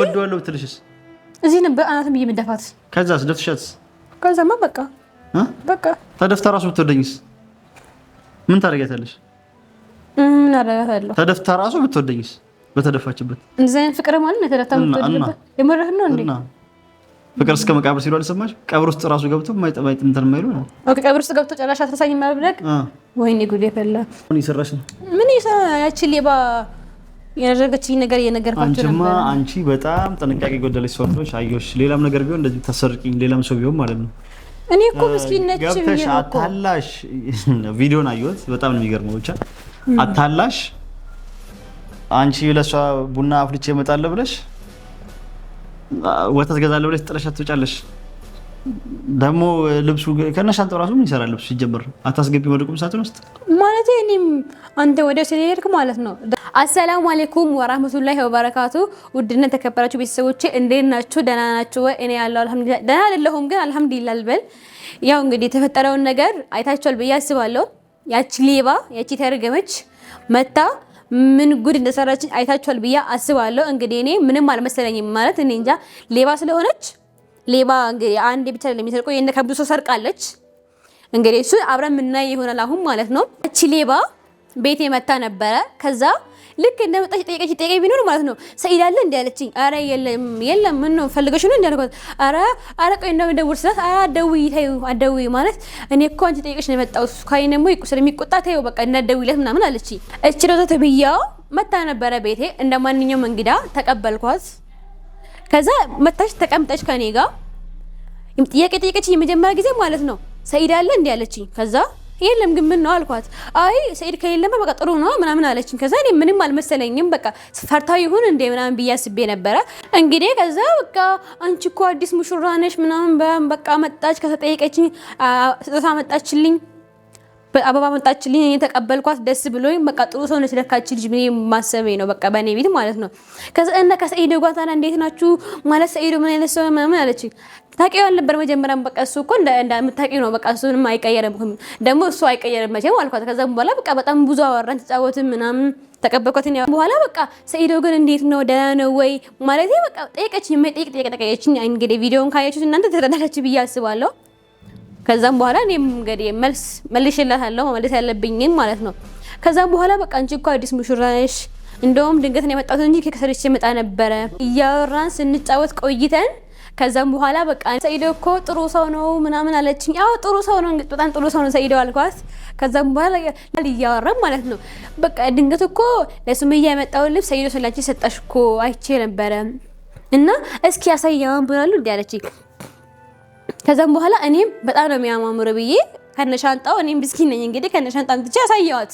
ወደዋለሁ ብትልሽስ? እዚህ በአናትም ብዬ መደፋት። ከዛስ ደፍሻትስ? ከዛማ በቃ በቃ ተደፍታ ራሱ ብትወደኝስ ምን ታደርጊያታለሽ? ምን አደርጋታለሁ? ተደፍታ ራሱ ብትወደኝስ? በተደፋችበት እንደዚህ አይነት ፍቅር ማለት ነው። ተደፍታ ብትወደኝበት የምርህ ነው እንዴ? ፍቅር እስከ መቃብር ሲሉ አልሰማሽ? ቀብር ውስጥ ራሱ ገብቶ ማይጠባይ እንትን የማይሉ ነው። ኦኬ፣ ቀብር ውስጥ ገብቶ ጨራሽ አትረሳኝም ማብለቅ። ወይኔ ጉዴ ፈላ። ምን ይሰራሽ ነው? ምን ይሰራ ያቺ ሌባ ያደረገችኝ ነገር የነገርኳቸው ነበር። አንቺ በጣም ጥንቃቄ ጎደለች ሰው እንደሆነች አየሁሽ። ሌላም ነገር ቢሆን እንደዚህ ታሰርቂኝ፣ ሌላም ሰው ቢሆን ማለት ነው። እኔ እኮ ምስኪን ነች ገብተሽ አታላሽ። ቪዲዮን አየሁት፣ በጣም ነው የሚገርመው። ብቻ አታላሽ። አንቺ ለሷ ቡና አፍልቼ እመጣለሁ ብለሽ ወተት ገዛለሁ ብለሽ ጥለሻት ትወጫለሽ። ደግሞ ልብሱ ከነሻንጣው ራሱ ምን ይሰራል ልብሱ? ሲጀምር አታስገቢ ወደ ቁም ሳጥን ውስጥ ማለት እኔም አንተ ወደ ስለሄድክ ማለት ነው አሰላሙ አሌይኩም ወራህመቱላሂ ወበረካቱ። ውድነት ተከበራችሁ ቤተሰቦቼ እንዴት ናችሁ? ደህና ናችሁ ወይ? እኔ ያለው አልሐምዱሊላህ ደህና አይደለሁም፣ ግን አልሐምዱሊላህ ልበል። ያው እንግዲህ የተፈጠረውን ነገር አይታችኋል ብዬ አስባለሁ። ያቺ ሌባ ያቺ ተረገመች መታ ምን ጉድ እንደሰራችን አይታችኋል ብዬ አስባለሁ። እንግዲህ እኔ ምንም አልመሰለኝም ማለት እኔ እንጃ ሌባ ስለሆነች ሌባ እንግዲህ አንዴ ብቻ ለሚሰርቆ የነ ከብዙ ሰው ሰርቃለች። እንግዲህ እሱ አብረን ምናይ ይሆናል አሁን ማለት ነው። እቺ ሌባ ቤቴ መታ ነበረ ከዛ ልክ እንደ መጣች ጠየቀች ጠየቀኝ ቢኖር ማለት ነው ሰኢድ አለ እንዲ ያለችኝ፣ አረ የለም የለም፣ ምን ነው ፈልገሽ ነው እንዳልኳት፣ አረ አረ ቆይ እንደምደውል ስላት፣ አረ አትደውይ ተይው አትደውይ ማለት እኔ እኮ አንቺ ጠየቀች ነው የመጣው ካይን ደግሞ ስለሚቆጣ ተይው በቃ እንዳትደውይለት ምናምን አለችኝ። እች ሮዛ ተብያው መታ ነበረ ቤቴ እንደ ማንኛውም እንግዳ ተቀበልኳት። ከዛ መታች ተቀምጠች ከኔ ጋር ጥያቄ ጠየቀች የመጀመሪያ ጊዜ ማለት ነው ሰኢድ አለ እንዲ ያለችኝ ከዛ የለም ግን ምን ነው አልኳት። አይ ሰኢድ ከሌለማ በቃ ጥሩ ነው ምናምን አለችኝ። ከዛ እኔ ምንም አልመሰለኝም። በቃ ፈርታ ይሁን እንደ ምናምን ብዬ አስቤ ነበረ። እንግዲህ ከዛ በቃ አንቺ እኮ አዲስ ሙሽራ ነሽ ምናምን በቃ መጣች። ከተጠየቀችኝ ስጦታ መጣችልኝ አበባ መጣችልኝ። እኔ ተቀበልኳት ደስ ብሎኝ በቃ ጥሩ ሰው ነች ለካች ልጅ ምን ማሰቤ ነው በቃ በእኔ ቤት ማለት ነው። ከዛ እና ከሰኢዶ ጓታና እንዴት ናችሁ ማለት ሰኢዶ ምን አይነት ሰው ምናምን አለችኝ። ታቂው ያልነበር መጀመሪያም በቃ እሱ እኮ እንደምታቂው ነው። በቃ እሱ ምንም አይቀየርም፣ ደግሞ እሱ አይቀየርም መቼም አልኳት። ከዛም በኋላ በቃ በጣም ብዙ አወራን፣ ተጫወትን ምናምን ተቀበልኳት። እኔ በኋላ በቃ ሰኢዶ ግን እንዴት ነው ደህና ነው ወይ ማለት በቃ ጠየቀችኝ። የማይጠይቅ ጠየቀ ጠየቀችኝ። እንግዲህ ቪዲዮውን ካያችሁት እናንተ ትረዳላችሁ ብዬ አስባለሁ። ከዛም በኋላ እኔም እንግዲህ መልስ መልሽላታለሁ መመለስ ያለብኝም ማለት ነው። ከዛም በኋላ በቃ አንቺ እኮ አዲስ ሙሽራ ነሽ፣ እንደውም ድንገት ነው የመጣሁት እንጂ ከሰርቼ መጣ ነበረ እያወራን ስንጫወት ቆይተን ከዛም በኋላ በቃ ሰኢዶ እኮ ጥሩ ሰው ነው ምናምን አለችኝ። ያው ጥሩ ሰው ነው በጣም ጥሩ ሰው ነው ሰኢዶ አልኳት። ከዛም በኋላ እያወራም ማለት ነው በቃ ድንገት እኮ ለሱመያ የመጣውን ልብስ ሰኢዶ ስላች ሰጠሽ እኮ አይቼ ነበረ እና እስኪ ያሳያዋን ብላሉ እንዲ አለችኝ። ከዛም በኋላ እኔም በጣም ነው የሚያማምሩ ብዬ ከነሻንጣው እኔም ብስኪ ነኝ እንግዲህ ከነሻንጣ ምትቼ ያሳየዋት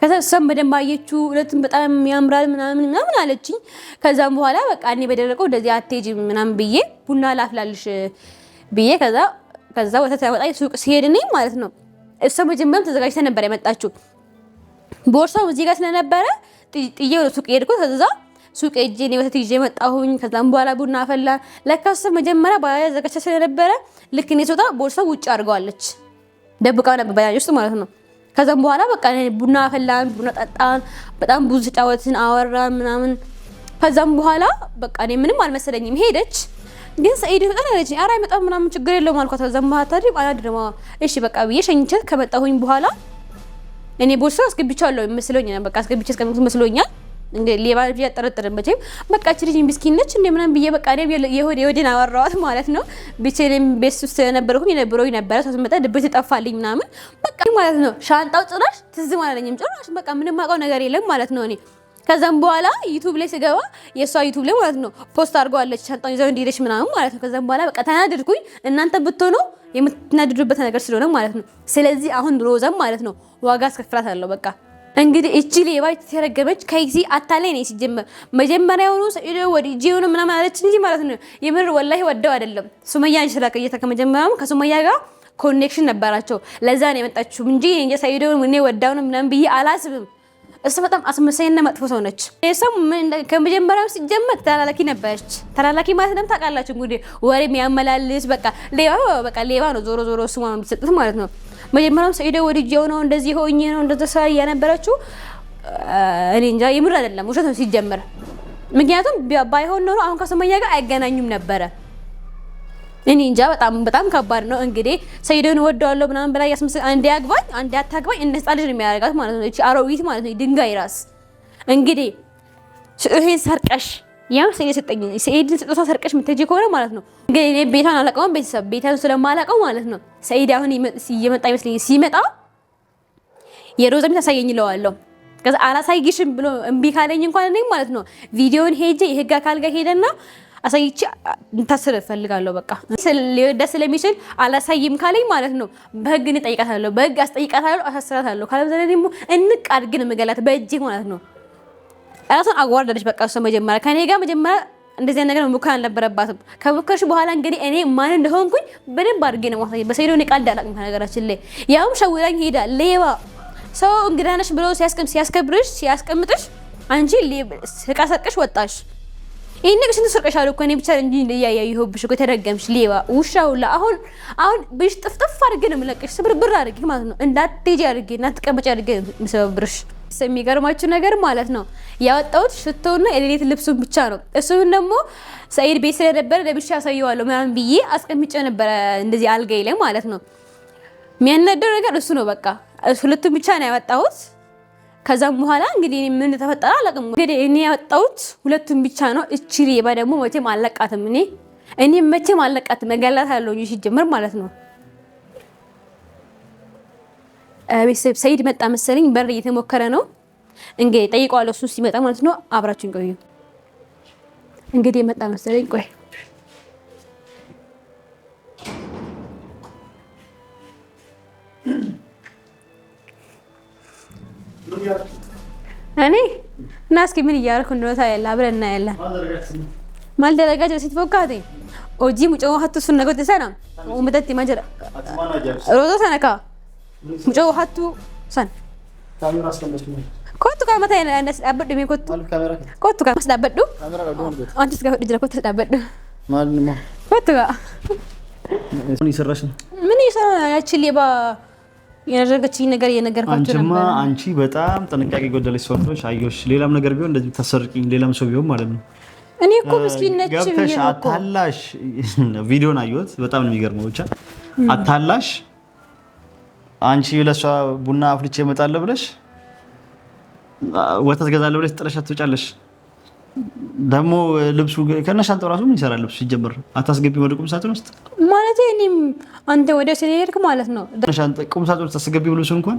ከዛ እሷም በደንብ አየችው። ሁለቱም በጣም ያምራል ምናምን ምናምን አለችኝ። ከዛም በኋላ በቃ እኔ በደረቀው እንደዚህ አቴጅ ምናምን ብዬ ቡና ላፍላልሽ ብዬ ከዛ ከዛ ወተት ያወጣ ሱቅ ሲሄድ እኔ ማለት ነው እሷ መጀመሪያም ተዘጋጅተ ነበር የመጣችው። ቦርሳው እዚህ ጋር ስለነበረ ጥዬ ወደ ሱቅ ሄድኩ። ከዛ ሱቅ እጄ እኔ ወተት ይዤ መጣሁኝ። ከዛም በኋላ ቡና አፈላ። ለካሱ መጀመሪያ ባያ ዘጋጅታ ስለነበረ ልክ እኔ ስወጣ ቦርሳው ውጭ አድርገዋለች። ደብቃ ነበር በያዥ ውስጥ ማለት ነው ከዛም በኋላ በቃ ቡና ፈላን፣ ቡና ጠጣን፣ በጣም ብዙ ጫወትን፣ አወራን ምናምን። ከዛም በኋላ በቃ እኔ ምንም አልመሰለኝም ሄደች። ግን ሰኢድ በጣም ያለች ኧረ አይመጣም ምናምን ችግር የለውም አልኳት። ከዛም በኋላ ታዲያ አላድርማ እሺ በቃ ብዬ ሸኝቼ ከመጣሁኝ በኋላ እኔ ቦርሳ አስገብቻለሁ መስሎኛል። በቃ አስገብቼ እስከምት መስሎኛል እንግዲህ ሌባ ብዬ አልጠረጥርም። መቼም በቃ እች ልጅ ምስኪን ነች እንደ ምናምን ብዬ በቃ የወዴን አወራዋት ማለት ነው። ብቻዬን ቤት ውስጥ ስለነበርኩኝ የነበረው ነበረ ሰው ስመጣ ድብት ይጠፋልኝ ምናምን በቃ ማለት ነው። ሻንጣው ጭራሽ ትዝም አላለኝም ጭራሽ በቃ ምንም አውቀው ነገር የለም ማለት ነው እኔ ከዛም በኋላ ዩቱብ ላይ ስገባ የእሷ ዩቱብ ላይ ማለት ነው ፖስት አድርገዋለች ሻንጣውን ይዘው እንዲሄደች ምናምን ማለት ነው። ከዛም በኋላ በቃ ተናደድኩኝ። እናንተ ብትሆኑ የምትናደዱበት ነገር ስለሆነ ማለት ነው። ስለዚህ አሁን ሮዛም ማለት ነው ዋጋ አስከፍላታለሁ በቃ እንግዲህ እቺ ሌባ የተረገመች ከይሲ አታላይ ነው ሲጀመር መጀመሪያ የሆኑ ሰኢዶ ወዲ ጂዮን ምናምን አለች እንጂ ማለት ነው። የምር ወላሂ ወደው አይደለም ሱመያን ሱመያ እንሽላቀ ከመጀመሪያውም ከሱመያ ጋር ኮኔክሽን ነበራቸው። ለዛ ነው የመጣችው እንጂ እንጂ ሰኢዶ ምን ወዳው ነው ምናምን ብዬ አላስብም። እሱ በጣም አስመሳይና መጥፎ ሰው ነች። ሰው ከመጀመሪያው ሲጀመር ተላላኪ ነበረች። ተላላኪ ማለት ደግሞ ታውቃላችሁ እንግዲህ ወሬ የሚያመላልስ በቃ ሌባ በቃ ሌባ ነው። ዞሮ ዞሮ ስሟ ነው የሚሰጡት ማለት ነው። መጀመሪያም ሰኢዳ ወድጄው ነው እንደዚህ ሆኜ ነው እንደተሳ እያነበረችው እኔ እንጃ የምር አይደለም ውሸት ነው ሲጀምር። ምክንያቱም ባይሆን ኖሮ አሁን ከሱመያ ጋር አይገናኙም ነበረ። እኔ እንጃ በጣም በጣም ከባድ ነው። እንግዲህ ሰኢድን ወደዋለሁ ምናምን ብላ ያስመስ አንዴ ያግባኝ አንዴ አታግባኝ እንደ ህፃን ልጅ ነው የሚያደርጋት ማለት ነው። እቺ አሮዊት ማለት ነው። ድንጋይ ራስ እንግዲህ ይሄን ሰርቀሽ ያም ሰኢድ ሰጠኝ። ሰኢድን ስጦታ ሰርቀሽ የምትሄጂው ከሆነ ማለት ነው። ግን እኔ ቤቷን አላውቀውም፣ ቤተሰብ ቤቷን ስለማላውቀው ማለት ነው። ሰኢድ አሁን እየመጣ ይመስለኝ። ሲመጣ የሮዛ ቤት አሳየኝ እለዋለሁ። ከዛ አላሳይሽም ብሎ እምቢ ካለኝ እንኳን እኔ ማለት ነው ቪዲዮን ሄጄ የህግ አካል ጋር ሄደና አሳይቼ እንታስር እፈልጋለሁ። በቃ ደስ ስለሚችል አላሳይም ካለኝ ማለት ነው በህግ እንጠይቃታለሁ፣ በህግ አስጠይቃታለሁ፣ አሳስራታለሁ። ካለበለዚያ ደግሞ እንቅ ነው የምገላት በእጄ ማለት ነው ራሷን አዋርዳለች። በቃ እሷ መጀመሪያ ከኔ ጋር መጀመሪያ እንደዚህ ነገር መሞከር አልነበረባትም። ከሞከርሽ በኋላ እንግዲህ እኔ ማን እንደሆንኩኝ በደንብ አድርጌ ነው ማሳየ በሰይዶ እኔ ቃል ዳላቅም ነገራችን ላይ ያውም ሸውራኝ ሄዳ ሌባ ሰው እንግዳ ነሽ ብሎ ሲያስከብርሽ ሲያስቀምጥሽ አንቺ እቃ ሰርቀሽ ወጣሽ። ይሄን ነገር ስንት ሰርቀሻል እኮ እኔ ብቻ እንጂ እያየሁብሽ እኮ የተደገምሽ ሌባ ውሻ ሁላ። አሁን አሁን ብሽ ጥፍጥፍ አድርጌ ነው የምለቅሽ፣ ስብርብር አድርጌ ማለት ነው። እንዳትሄጂ አድርጌ እንዳትቀመጪ አድርጌ ምሰብርሽ የሚገርማችሁ ነገር ማለት ነው ያወጣሁት ሽቶና የሌሊት ልብሱን ብቻ ነው። እሱን ደግሞ ሰይድ ቤት ስለነበረ ለብሻ ያሳየዋለሁ ምናምን ብዬ አስቀምጬ ነበረ እንደዚህ አልጋይ ላይ ማለት ነው። የሚያናደው ነገር እሱ ነው። በቃ ሁለቱን ብቻ ነው ያወጣሁት። ከዛም በኋላ እንግዲህ ምን ተፈጠረ አላውቅም። እንግዲህ እኔ ያወጣሁት ሁለቱን ብቻ ነው። እቺ ሌባ ደግሞ መቼም አለቃትም እኔ እኔ መቼም አለቃትም እገላታለሁ ሲጀምር ማለት ነው። ቤተሰብ ሰይድ መጣ መሰለኝ፣ በር እየተሞከረ ነው። እንግዲህ ጠይቀዋለሁ፣ እሱ ሲመጣ ማለት ነው። አብራችን ቆዩ። እንግዲህ መጣ መሰለኝ፣ ቆይ እኔ እና እስኪ ምን እያደረኩ እንደሆነ ታያለህ፣ አብረን እናያለን። ማልደረጋጀ ሴት ፎካቴ ኦጂ ሙጮ ሀቱ ሱን ነገ ተሰና ማጀራ ሮዞ ሰነካ san. Kottu qaama ta'e as dhaabadhu mee kottu. Kottu qaama as dhaabadhu. Wanti as gaafadhu jira kottu as dhaabadhu. Maal immoo. Kottu gaa. ምን እየሰራሽ ነው? ምን እየሰራ ያቺ ሌባ ያደረገችኝ ነገር እየነገርኳቸው ነበር። አንቺማ አንቺ በጣም ጥንቃቄ ጎደለች ሰው ነሽ። አየሁሽ። ሌላም ነገር ቢሆን እንደዚህ ታሰርቂኝ፣ ሌላም ሰው ቢሆን ማለት ነው። እኔ እኮ ምስኪን ነች ገብተሽ አታላሽ። ቪዲዮን አየሁት። በጣም ነው የሚገርመው። ብቻ አታላሽ አንቺ ለሷ ቡና አፍልቼ እመጣለሁ ብለሽ ወተት ገዛለሁ ብለሽ ጥለሻት ትወጫለሽ። ደግሞ ልብሱ ከነሻንጣው ራሱ ምን ይሰራል? ልብሱ ሲጀመር አታስገቢ ወደ ቁም ሳጥን ውስጥ ማለት እኔም አንተ ወደ ስለሄድክ ማለት ነው። ቁም ሳጥን ውስጥ አስገቢ ልብሱ እንኳን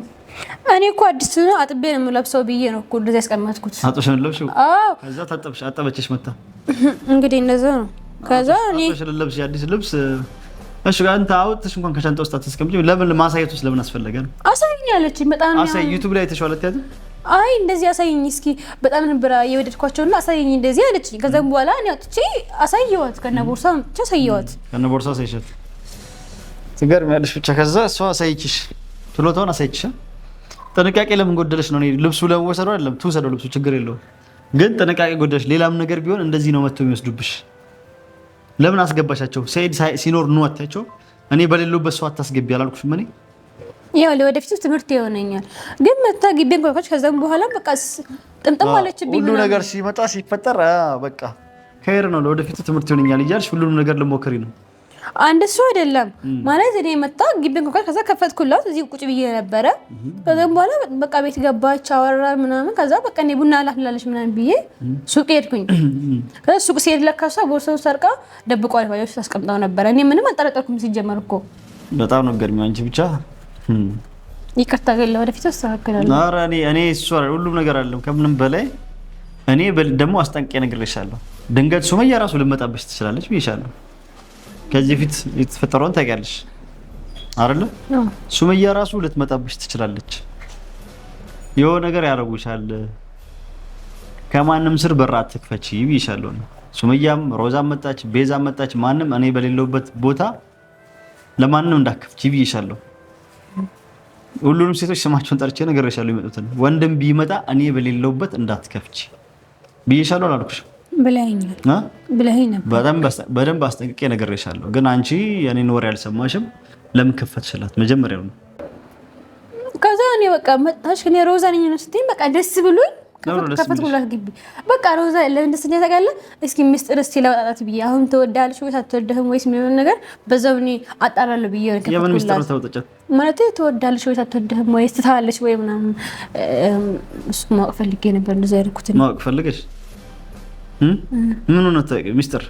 እኔ እኮ አዲስ ነው አጥቤ ነው የምለብሰው ብዬ ነው እኮ እንደዚያ ያስቀመጥኩት። አጥበሽ ነው የምለብሺው? አዎ። ከዛ ታጠብሽ፣ አጠበችሽ መታ። እንግዲህ እንደዛ ነው። ከዛ እኔ ልብስ አዲስ ልብስ እሺ ጋር እንትን አውጥተሽ እንኳን ከሻንጣ ውስጥ አታስቀምጪ። ለምን ለማሳየት ውስጥ ለምን አስፈለገ ነው? አሳይኝ አለችኝ። በጣም አሳይ። ዩቲዩብ ላይ ተሽዋል አትያዝም? አይ እንደዚህ አሳይኝ እስኪ በጣም ነበር የወደድኳቸውና አሳይኝ እንደዚህ አለችኝ። ከዛም በኋላ እኔ አውጥቼ አሳየዋት፣ ከነ ቦርሳ ብቻ አሳየዋት፣ ከነ ቦርሳ አሳይሻት። ትገርሚያለሽ። ብቻ ከዛ እሷ አሳይችሽ፣ ትሎታውን አሳይችሽ። ጥንቃቄ ለምን ጎደለሽ ነው? ልብሱ ለመወሰዱ አይደለም ትውሰደው፣ ልብሱ ችግር የለውም ግን ጥንቃቄ ጎደለሽ። ሌላም ነገር ቢሆን እንደዚህ ነው መጥቶ የሚወስዱብሽ ለምን አስገባሻቸው? ሰኢድ ሲኖር ኑ አታቸው። እኔ በሌለሁበት ሰው አታስገቢ አላልኩሽም? እኔ ያው ለወደፊቱ ትምህርት ይሆነኛል። ግን መታ ግቢን ቆይቆች ከዛም በኋላ በቃ ጥምጥም አለችብኝ። ሁሉ ነገር ሲመጣ ሲፈጠር በቃ ከሄር ነው ለወደፊቱ ትምህርት ይሆነኛል እያልሽ ሁሉንም ነገር ልሞክሪ ነው አንድ እሱ አይደለም ማለት እኔ መጣ ግቢን ኮከል ከዛ ከፈትኩላት እዚህ ቁጭ ብዬ ነበረ። ከዛም በኋላ በቃ ቤት ገባች አወራ ምናምን። ከዛ በቃ እኔ ቡና ላፍላለች ምናምን ብዬ ሱቅ ሄድኩኝ። ከዛ ሱቅ ሲሄድ ለካሷ እሷ ቦርሳውን ሰርቃ ደብቋ ባዎች ታስቀምጠው ነበረ። እኔ ምንም አልጠረጠርኩም ሲጀመር እኮ። በጣም ነው ገርሚ አንቺ ብቻ ይቅርታ ግን ለወደፊት አስተካክላለሁ። እኔ እኔ እሱ ሁሉም ነገር አለም ከምንም በላይ እኔ ደግሞ አስጠንቅቄ ነግሬሻለሁ። ድንገት ሱመያ ራሱ ልመጣበች ትችላለች ብዬሻለሁ። ከዚህ ፊት የተፈጠረውን ታውቂያለሽ አይደለ? ሱመያ ራሱ ልትመጣብሽ ትችላለች። የሆነ ነገር ያደርጉሻል። ከማንም ስር በራ አትክፈች ብይሻለሁ። ሱመያም ሮዛ መጣች፣ ቤዛ መጣች፣ ማንም እኔ በሌለውበት ቦታ ለማንም እንዳከፍች ብይሻለሁ። ሁሉንም ሴቶች ስማቸውን ጠርቼ ነግሬሻለሁ። ይመጡትን ወንድም ቢመጣ እኔ በሌለውበት እንዳትከፍች ብይሻለሁ አላልኩሽም? በደንብ አስጠንቅቄ ነግሬሻለሁ፣ ግን አንቺ የኔን ወሬ አልሰማሽም። ለምን ከፈትሽላት? መጀመሪያው ነው። ከዛ እኔ በቃ መጣሽ፣ እኔ ሮዛ ነኝ ነው ስትይኝ፣ በቃ ደስ ብሎኝ ከፈትኩላት ግቢ። በቃ ሮዛ ለምን ደስ ታውቃለህ? እስኪ ሚስጥር እስኪ ለመጣጣት ብዬ አሁን ትወዳለሽ ወይስ አትወደህም ወይስ የሚሆን ነገር በዛው እኔ አጣራለሁ ብዬ የምን ምስጢር ማለት ትወዳለሽ ወይስ አትወደህም ወይስ ትታለች ወይ ምናምን እሱ ማወቅ ፈልጌ ነበር። እንደዚያ ያደረኩት ማወቅ ፈልገሽ ምን ሆነ ታውቂ? ሚስጥር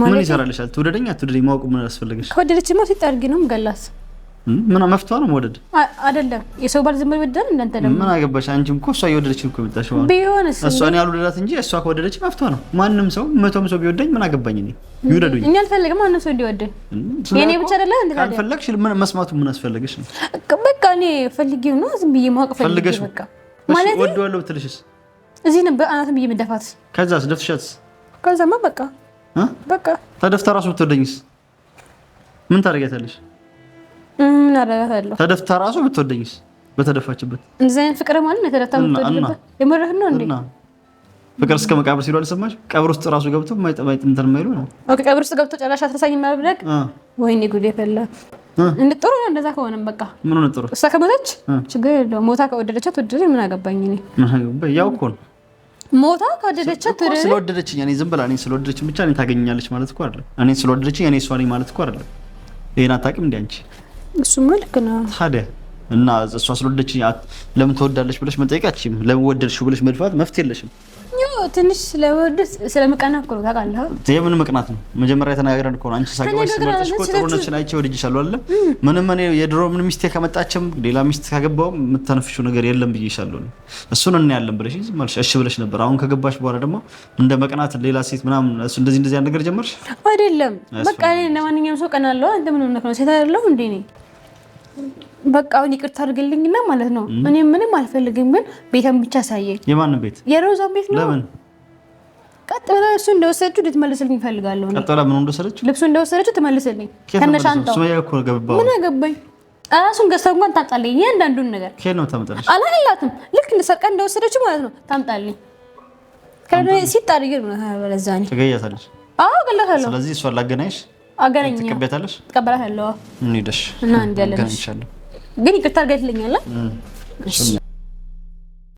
ምን ይሰራልሻል? ትውደደኝ አትውደደኝ ማወቅ ምን አስፈለገሽ? ከወደደችማ ሲጠርጊ ነው ምገላስ ምን መፍቷ ነው መውደድ አይደለም። የሰው ባል ዝም ብሎ ይወዳል። ደግሞ ምን አገባሽ አንቺም እኮ እሷ እየወደደች እኮ የመጣሽው ቢሆንስ እሷ እኔ ያልወደዳት እንጂ እሷ ከወደደች መፍቷ ነው። ማንም ሰው መቶም ሰው ቢወደኝ ምን አገባኝ እኔ ይወደዱኝ። እኛ አልፈለግም ማንም ሰው እንዲወደኝ የኔ ብቻ አይደለ እንዴ? ካልፈለግሽ ምን መስማቱ ምን አስፈለገሽ ነው? በቃ እኔ ፈልጌው ነው ዝም ብዬ ማወቅ ፈልጌሽ በቃ ማለት ወደዋለሁ ብትልሽስ እዚህ ነበር አናትም ብዬ መደፋት። ከዛስ ደፍሻትስ? ከዛማ በቃ በቃ ተደፍታ ራሱ ብትወደኝስ ምን ታደርጊያታለሽ? ምን አደርጋታለሁ? ተደፍታ ራሱ ብትወደኝስ በተደፋችበት እንደዚህ አይነት ፍቅር ማለት ነው። ተደፍታ ብትወደኝበት የምርህን ነው እንዴ? ፍቅር እስከ መቃብር ሲሉ አልሰማሽ? ቀብር ውስጥ ራሱ ገብቶ ማይጠባይ እንትን የማይሉ ነው። ቀብር ውስጥ ገብቶ ጨራሽ አትረሳኝ ማብለቅ። ወይኔ ጉዴ ፈላ። ጥሩ ነው እንደዛ ከሆነም በቃ ምን ነው ጥሩ እሷ ከሞተች ችግር የለውም። ሞታ ከወደደቻት ወደደ። ምን አገባኝ እኔ ያው እኮ ነው ሞታ ካደደቻ ካደደቻት ስለወደደችኝ እኔ ዝም ብላ እኔ ስለወደደችኝ ብቻ እኔ ታገኛለች ማለት እኮ አይደለም። እኔ ስለወደደችኝ እኔ እሷ ነኝ ማለት እኮ አይደለም። ይሄን አታውቂም እንዴ አንቺ? እሱማ ልክ ነው ታዲያ። እና እሷ ስለወደደችኝ ለምን ትወዳለች ብለሽ መጠየቅ አትችይም። ለምን ወደድሽው ብለሽ መድፋት መፍትሄ የለሽም። ትንሽ ስለወደስ ስለምቀና እኮ ነው ታውቃለህ። የምን ምቅናት ነው? መጀመሪያ ተነጋግረን እኮ ነው። አንቺ ሳገባሽ ስመርጥሽ እኮ ጥሩነትሽን አይቼ ወድጄሻለሁ አይደለ? ምንም እኔ የድሮ ምን ሚስቴ ከመጣችም ሌላ ሚስት ካገባውም የምታነፍሺው ነገር የለም ብዬሻለሁ። እሱን እና ያለን ብለሽ ዝማልሽ እሺ ብለሽ ነበር። አሁን ከገባሽ በኋላ ደግሞ እንደ መቅናት ሌላ ሴት ምናምን እሱ እንደዚህ እንደዚህ ነገር ጀመርሽ አይደለም። በቃ እኔ ለማንኛውም ሰው ቀናለሁ። አንተ ምን ነው ሴት አይደለሁ እንዴ? በቃ አሁን ይቅርታ አድርግልኝና ማለት ነው። እኔ ምንም አልፈልግም፣ ግን ቤተን ብቻ ሳየኝ። የማን ቤት? የሮዛን ቤት ነው። ለምን ቀጥ ብላ እሱ እንደወሰደችው ልትመልስልኝ እፈልጋለሁ። ቀጥ ብላ ምን እንደወሰደችው፣ ልብሱ እንደወሰደችው ትመልስልኝ። ከነሻንጣው ምን አገባኝ? እራሱን ገዝታ እንኳን ታምጣልኝ። እያንዳንዱን ነገር ከየት ነው ታምጣልሽ? አላላትም። ልክ እንደሰርቀ እንደወሰደችው ማለት ነው ታምጣልኝ። ሲጣር ግን በለዛ እኔ ትገያታለሽ። አዎ እገላታለሁ። ስለዚህ እሷን ላገናኝሽ። አገናኝ። ትቀበያታለሽ? ትቀበላታለሁ። እንሂድ። እሺ እና እንሄዳለን። ግን ይቅርታ አድርጋ ትለኛለህ